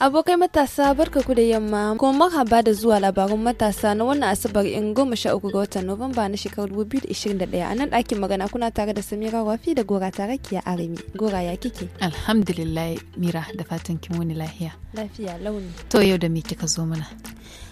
Abokai matasa barka ku da yamma kuma marhaba da zuwa labarun matasa na wannan asabar in goma sha uku ga watan Nuwamba na shekarar 2021 a nan ɗakin magana kuna tare da Samira wafi da Gora tare Tarakiya Arimi. Gora ya kike? Alhamdulillah Mira da fatan kin wani lahiya. Lafiya launi. To yau da me kika zo mana?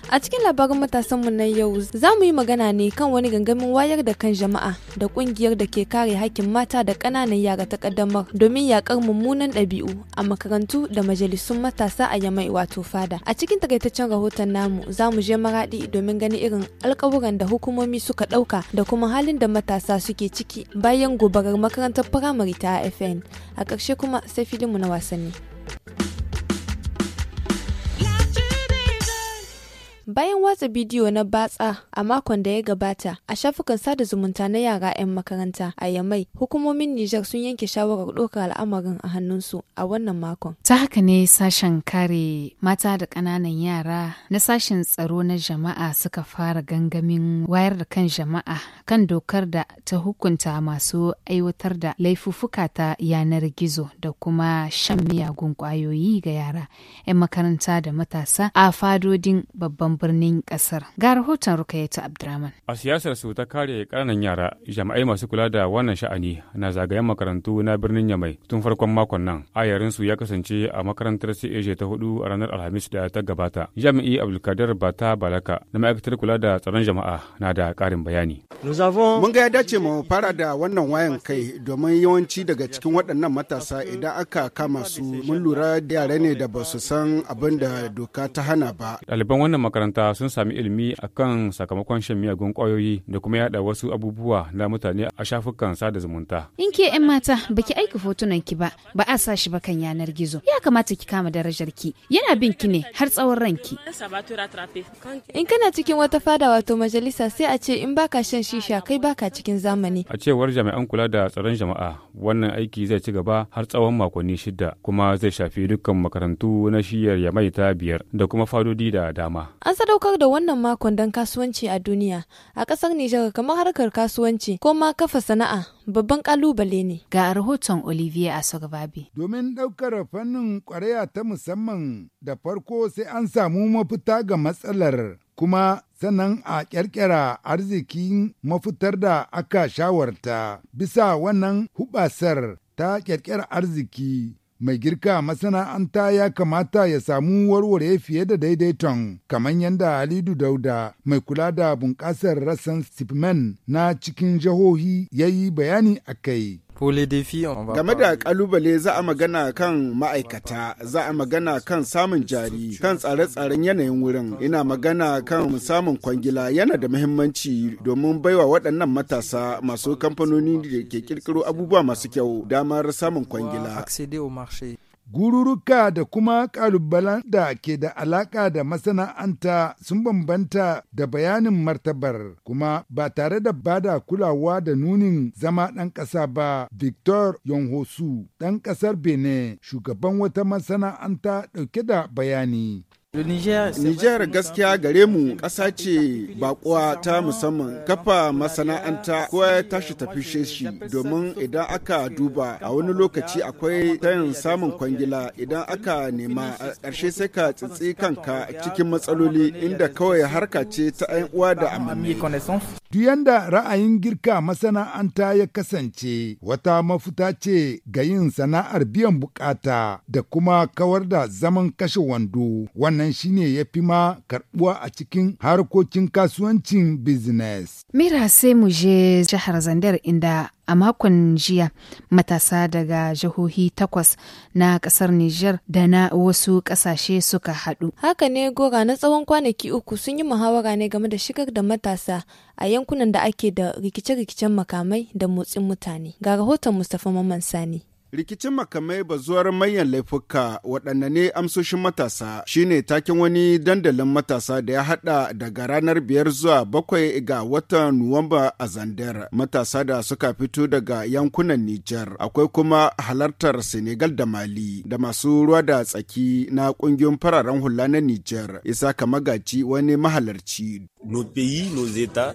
A cikin labarin mu na yau za mu yi magana ne kan wani gangamin wayar da kan jama'a da kungiyar da ke kare hakkin mata da kananan yara ta ƙaddamar domin yakar mummunan ɗabi'u a makarantu da majalisun matasa a yamai wato fada. A cikin takaitaccen rahoton namu za mu je maraɗi domin ganin irin alƙawuran da hukumomi suka ɗauka da kuma halin da matasa suke ciki bayan gobarar makarantar firamare ta AFN. A ƙarshe kuma sai filinmu na wasanni. Bayan watsa bidiyo na batsa a makon da ya gabata a shafukan sada zumunta na yara 'yan makaranta a Yamai, hukumomin Nijar sun yanke shawarar ɗaukar al'amarin a hannunsu a wannan makon. Ta haka ne sashen kare mata da ƙananan yara na sashen tsaro na jama'a suka fara gangamin wayar da kan jama'a kan dokar da ta hukunta masu aiwatar da laifuffuka ta yanar gizo da kuma shan miyagun kwayoyi ga yara 'yan makaranta da matasa a fadodin babban birnin kasar. Ga rahoton Rukayatu Abdraman. A siyasar su ta kare ƙananan yara, jami'ai masu kula da wannan sha'ani na zagayen makarantu na birnin Yamai tun farkon makon nan. Ayarin su ya kasance a makarantar CAJ ta hudu a ranar Alhamis da ta gabata. Jami'i Abdulkadir Bata Balaka na ma'aikatar kula da tsaron jama'a na da ƙarin bayani. Mun ga ya dace mu fara da wannan wayan kai domin yawanci daga cikin waɗannan matasa idan aka kama su mun lura da yare ne da ba su san abin da doka ta hana ba. Ɗaliban wannan makarantar makaranta sun sami ilimi a kan sakamakon shan miyagun kwayoyi da kuma yada wasu abubuwa na mutane a shafukan sada zumunta. In ke 'yan mata ba ki aika hotunan ki ba, ba a sa shi ba kan yanar gizo. Ya kamata ki kama darajar ki. Yana bin ki ne har tsawon ranki. In kana cikin wata fada wato majalisa sai a ce in baka shan shisha kai baka cikin zamani. A cewar jami'an kula da tsaron jama'a wannan aiki zai ci gaba har tsawon makonni shida kuma zai shafi dukkan makarantu na shiyar mai ta biyar da kuma fadodi da dama. sadaukar da wannan makon don kasuwanci a duniya a ƙasar Nijar kamar harkar kasuwanci ko ma kafa sana'a babban kalubale ne. Ga rahoton Olivier Asogbabi. Domin ɗaukar fannin ƙwarya ta musamman da farko sai an samu mafita ga matsalar kuma sannan a ƙyarƙyara arzikin mafitar da aka shawarta bisa wannan hubasar ta ƙyarƙyara arziki mai girka masana'anta ya kamata ya samu warware fiye da daidaiton kamar yadda halidu dauda mai kula da bunƙasar rassan Sipman, na cikin jihohi ya yi bayani a kai Game da kalubale za a magana kan ma'aikata, za a magana kan samun jari, kan tsare-tsaren yanayin wurin, ina magana kan samun kwangila yana da muhimmanci domin baiwa waɗannan matasa masu kamfanoni da ke kirkiro abubuwa masu kyau damar samun kwangila. Gururuka da kuma ƙalubalen da ke da alaƙa da masana'anta sun bambanta da bayanin martabar kuma ba tare da bada kulawa da nunin zama ɗan ƙasa ba Victor Yonhosu ɗan ƙasar Benin shugaban wata masana'anta ɗauke da bayani. Nijar gaskiya gare mu ƙasa ce bakuwa ta musamman kafa masana'anta ko ya tashi tafi shi domin idan aka duba a wani lokaci akwai tayin samun kwangila idan aka nema a ƙarshe sai ka tsitsi kanka cikin matsaloli inda kawai harka ce ta 'yan uwa da amami. Duk yanda ra'ayin girka masana'anta ya kasance wata mafuta ce ga yin sana'ar biyan bukata da kuma kawar da zaman kashe wando wannan shine ya fi ma karbuwa a cikin harkokin kasuwancin business. Mira sai mu je jihar Zandar inda a makon jiya matasa daga jihohi takwas na kasar Nijar da na wasu kasashe suka haɗu. Haka ne gora na tsawon kwanaki uku sun yi muhawara ne game da shigar da matasa a yankunan da ake da rikice-rikicen makamai da motsin mutane. Ga rahoton Mustapha Mamman Sani. Rikicin makamai bazuwar manyan laifuka waɗanda ne amsoshin matasa shine taken wani dandalin matasa da ya haɗa daga ranar biyar zuwa bakwai ga watan Nuwamba a Zandar. Matasa da suka fito daga yankunan Nijar akwai kuma halartar Senegal da Mali da masu ruwa da tsaki na ƙungiyoyin fararen hula na Nijar. Isa magaci wani mahalarci.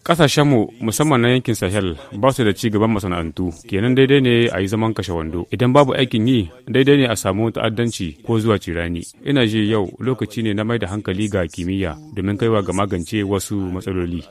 Ƙasashenmu musamman na yankin Sahel ba su da ci gaban masana'antu kenan daidai ne a yi zaman kashe wando. Idan babu aikin yi, daidai ne a samu ta'addanci ko zuwa cirani. Ina ji yau lokaci ne na mai da hankali ga kimiyya domin kaiwa ga magance wasu matsaloli.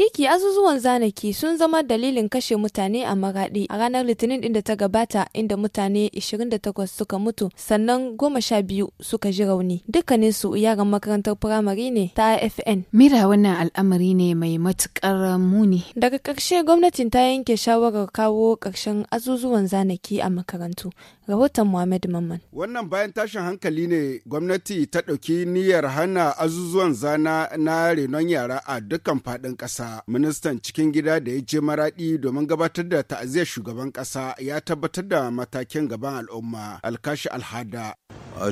Kiki azuzuwan zanaki sun zama dalilin kashe mutane a Maraɗi a ranar Litinin din da ta gabata inda mutane 28 suka mutu sannan 12 suka ji rauni. Dukkanin su yaran makarantar firamare ne ta AFN. Mira wannan al'amari ne mai matukar muni. Daga karshe gwamnatin ta yanke shawarar kawo ƙarshen azuzuwan zanaki a makarantu. Rahoton Muhammad Mamman. Wannan bayan tashin hankali ne gwamnati ta ɗauki niyyar hana azuzuwan zana na renon yara a dukkan faɗin ƙasa. ministan cikin gida da ya je maraɗi domin gabatar da ta'aziyar shugaban ƙasa ya tabbatar da matakin gaban al'umma alkashi alhada Ah,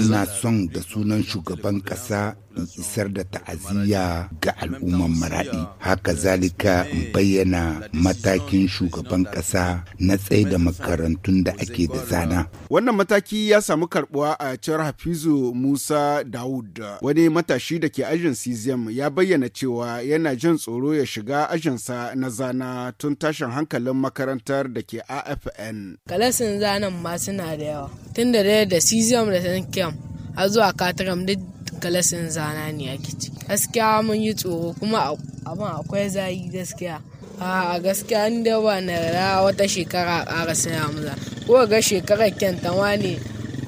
Ina son da sunan shugaban ƙasa in isar da ta'aziyya ga al'umman maraɗi. Haka zalika in bayyana matakin shugaban ƙasa na tsaye da makarantun da ake da zana. Wannan mataki ya samu karɓuwa a cewar Hafizu Musa Dawud. Wani matashi da ke ajin CZM ya bayyana cewa yana jin tsoro ya shiga ajinsa na zana tun tashin hankalin makarantar da ke AFN. Kalasin zanen ma suna da yawa. tun da da cesium da tankium har zuwa kataram duk galasin zana ne a ci gaskiya mun yi tsoro kuma abin akwai zayi gaskiya a gaskiya an da ba na ra wata shekara a ƙara saya muza ko ga shekarar kyan tawa ne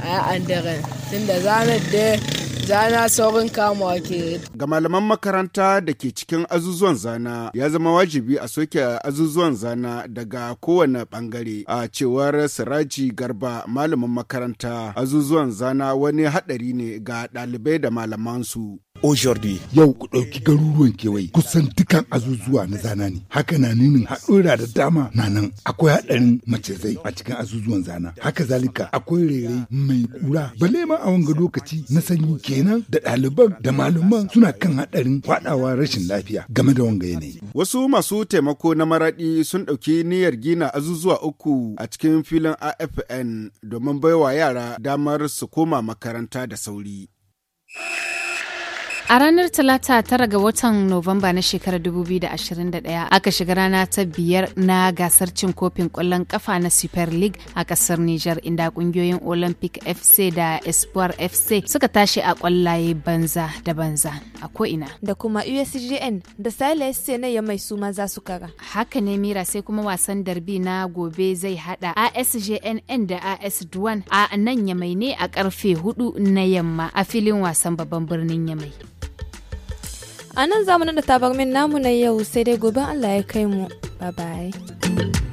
a yi andaren tun da zanar da Zana saurin kamuwa ke. Ga malaman makaranta da ke cikin azuzuwan zana ya zama wajibi a soke azuzuwan zana daga kowane bangare a cewar Siraji Garba malamin makaranta azuzuwan zana wani haɗari ne ga ɗalibai da malamansu. aujourd'hui yau ku ɗauki garuruwan kewaye kusan dukan azuzuwa na zana ne haka na nunin haɗura da dama na nan akwai haɗarin macizai a cikin azuzuwan zana haka zalika akwai rere mai kura balle ma a wanga lokaci na sanyi ke kenan da ɗaliban da malaman suna kan haɗarin faɗawa rashin lafiya game da wanga yanayi. Wasu masu taimako na maraɗi sun ɗauki niyyar gina azuzuwa uku a cikin filin AFN domin baiwa yara damar su koma makaranta da sauri. A ranar Talata tara ga watan Nuwamba na shekarar 2021 aka shiga rana ta biyar na gasar cin kofin kwallon kafa na Super League a ƙasar Nijar inda ƙungiyoyin Olympic FC da Espoir FC suka tashi a kwallaye banza da banza a ko'ina. Da kuma USGN da Sale SC na ya mai suma za su kara. Haka ne Mira sai kuma wasan darbi na gobe zai hada ASJNN da AS Duwan a nan Yamai ne a karfe hudu na yamma a filin wasan babban birnin Yamai. a nan zamanin da tabar namu na yau sai dai gobe allah ya kai mu bye bye